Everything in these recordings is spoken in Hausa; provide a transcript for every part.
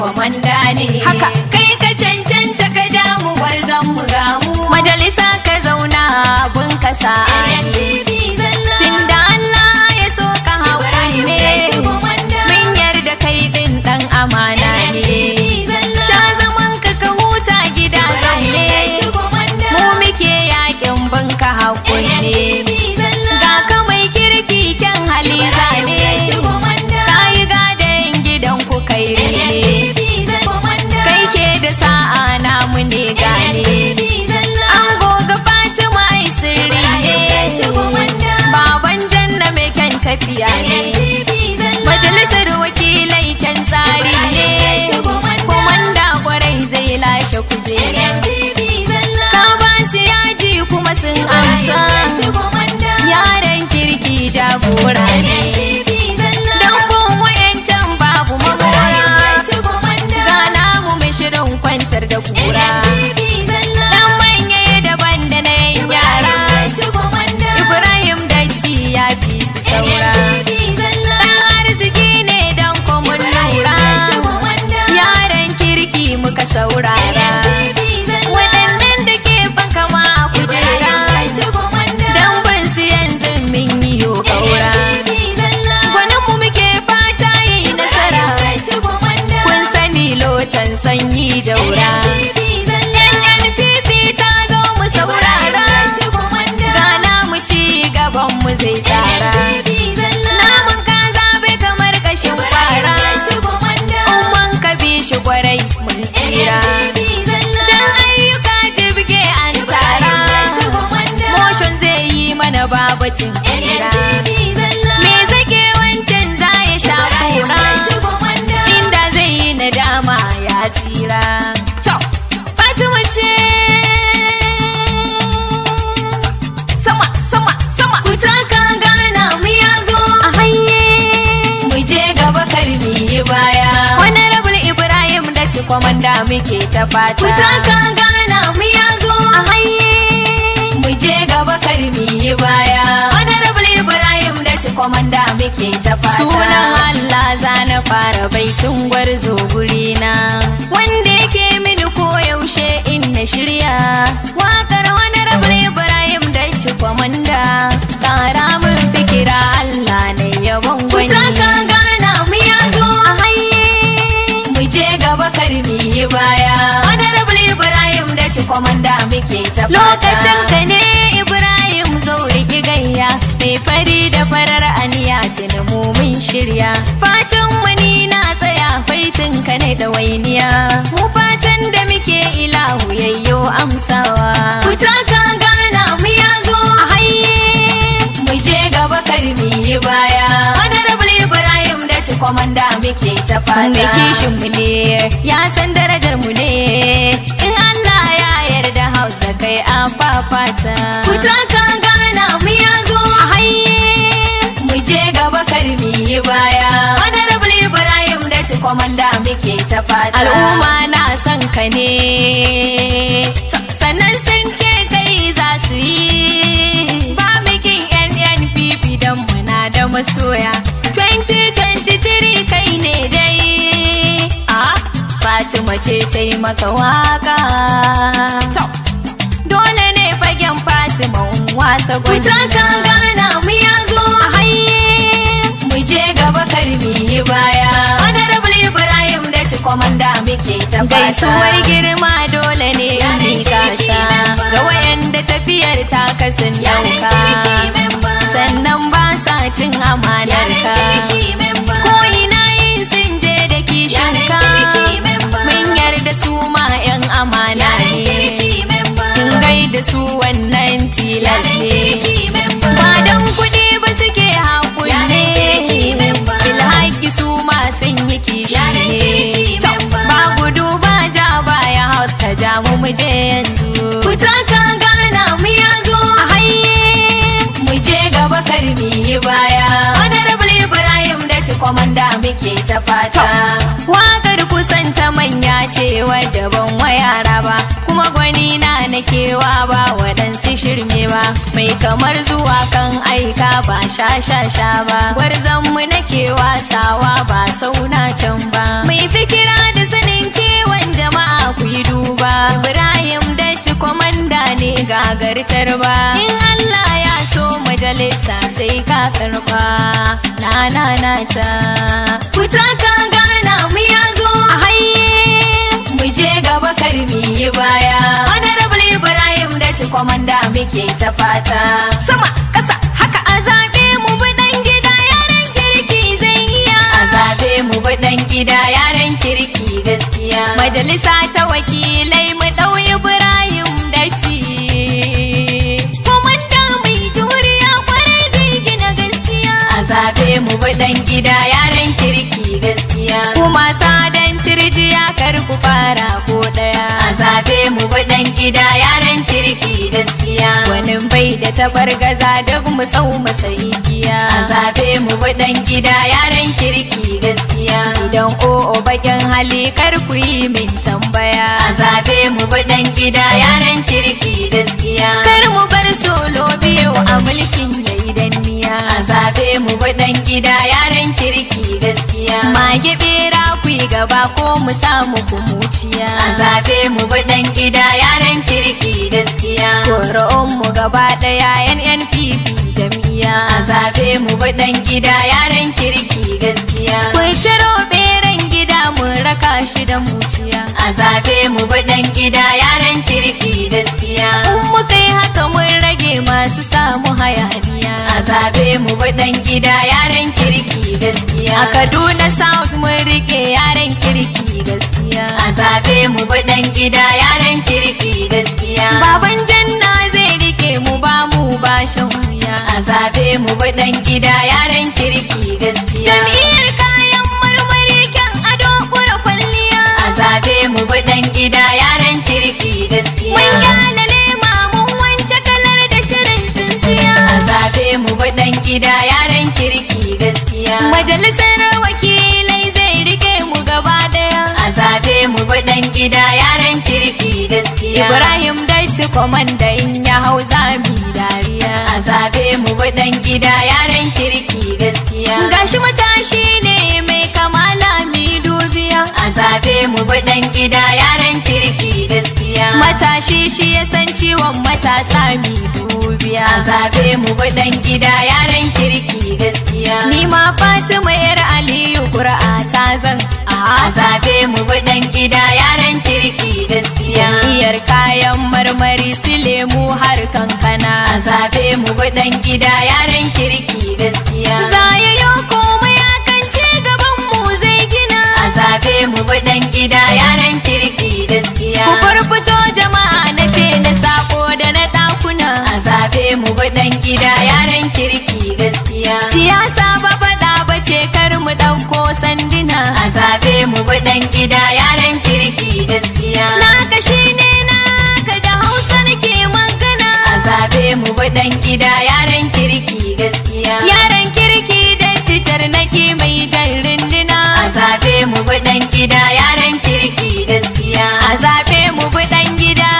kwamanda ne haka shi kwamanda muke ta fata. Kuta gana mu ya zo a haye. Mu je gaba kar mu yi baya. Honorable Ibrahim da ci kwamanda muke ta fata. Sunan Allah za na fara baitun gwarzo gurina. Wanda yake mini koyaushe in na shirya. lokacin ka ne ibrahim zauriki gayya mai fari da farar aniya tuni mun shirya fatan mu na tsaya faitin ka ne da wainiya mu fatan da muke ilahu yayyo amsawa ku taka gana mu ya zo a haye mu je gaba kar yi baya honorable ibrahim da ci komanda muke ta fata mu kishin mu ne ya san darajar mu ne kai a fafata. Kuta ka gana mu ya zo a haye, mu je gaba karmi yi baya. Honorable Ibrahim da ci komanda muke ta fata. Al'umma na son ka ne, sannan sun ce kai za su yi. Ba yan bibi don muna da masoya. 2023 kai ne dai. Ah, Fatima ce ta yi maka waka. kasa gwani. kan gana mu ya zo a haye, mu je gaba kar mu yi baya. Honorable Ibrahim da ci komanda muke ta Gaisuwar girma dole ne mu kasa. Ga wayanda tafiyar ta kasan yauka. da su wannan tilas ne Madan kuɗi ba suke haƙuri ne filhaƙi su sun yi kishi ne ba gudu ba ja baya hauska ja mu muje yanzu kuta ta gana mu ya zo a haye mu je gaba kar yi baya honorable ibrahim da kwamanda muke ta fata wakar kusan ta manya ce wadda ban wa yara ba kuma gwani na na kewa ba waɗansu shirmewa mai kamar zuwa kan aika ba sha-sha-sha ba gwarzonmu na kewa sawa ba sauna can ba mai fikira da sanin cewan jama'a ku yi duba ibrahim datti kwamanda ne gagartar ba in allah ya so majalisa sai ka karba na na na ta ku kamanda muke ta fata. Sama ƙasa haka a zaɓe mu buɗan gida yaran kirki zai iya. A zaɓe mu buɗan gida yaran kirki gaskiya. Majalisa ta wakilai mu ɗau Ibrahim datti. Kwamanda mai juriya kwarai zai gina gaskiya. A zaɓe mu buɗan gida yaran kirki gaskiya. Kuma sadan tirjiya kar ku fara ko ɗaya. A zaɓe mu buɗan gida yaran birnin bai da tabar gaza duk mu tsau mu sayi giya a zabe mu budan gida yaran kirki gaskiya idan o bakin hali kar ku yi min tambaya a zabe mu budan gida yaran kirki gaskiya kar mu bar solo biyu a mulkin yayi danniya a zabe mu budan gida yaran kirki gaskiya mage bera ku gaba ko mu samu kumuciya a zabe mu budan gida yaran mu gaba ɗaya NNPP jami'a. A zabe mu baɗan gida yaran kirki gaskiya. Kwai ciro ɓeran gida mu raka shi da muciya. A zabe mu baɗan gida yaran kirki gaskiya. Kun muka haka mun rage masu samu hayaniya. A zabe mu baɗan gida yaran kirki gaskiya. A Kaduna South mun rike yaran kirki gaskiya. A zabe mu baɗan gida yaran kirki gaskiya. Baban bashin wuya a zabe mu baɗan gida yaran kirki gaskiya jam'iyyar kayan marmari kyan ado kura kwalliya a zabe mu baɗan gida yaran kirki gaskiya mun gyalale mamun wance kalar da shirin tsintsiya a zabe mu baɗan gida yaran kirki gaskiya majalisar wakilai zai rike mu gaba daya a zabe mu baɗan gida yaran kirki gaskiya ibrahim komanda in ya hau zami dariya a zabe mu budan gida yaran kirki gaskiya gashi matashi ne mai kamala mi dubiya a zabe mu budan gida yaran kirki gaskiya matashi shi ya san ciwon matasa mi dubiya a zabe mu budan gida yaran kirki gaskiya ni ma Fatima yar Aliyu kura ta zan a zabe mu ɗan gida uban gida yaran kirki gaskiya zayayo komai akan ce gaban mu zai gina a zafe mu dan gida yaran kirki gaskiya ku furfuto jama'a na fe na sako da na ɗakuna. a zabe mu ɗan gida yaran kirki gaskiya siyasa ba faɗa ba ce kar mu ɗauko sandina a zabe mu dan gida yaran kirki gaskiya na gashi ne na ka da hausa nake magana a zafe mu dan gida dan gida yaran kirki gaskiya a zaɓe mu bi dan gida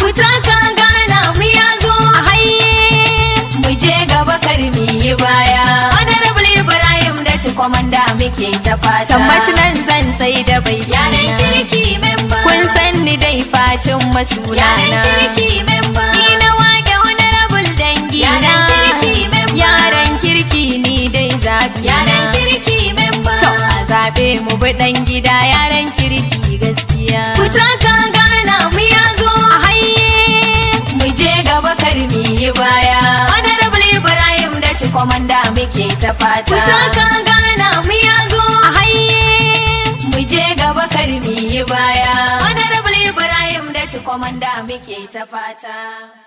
ku taka gana mu ya zo a haye mu je gaba mu yi baya honorable ibrahim da ci komanda muke ta fata tambaci nan zan sai da bai yaran kirki memba kun san ni dai fatin masulana yaran kirki mu bi dan gida yaran kirki gaskiya ku taka gana mu ya zo a haye mu je gaba karmi yi baya honorable ibrahim da ci komanda muke ta fata ku taka gana mu ya zo a haye mu je gaba karmi yi baya honorable ibrahim da ci komanda muke ta fata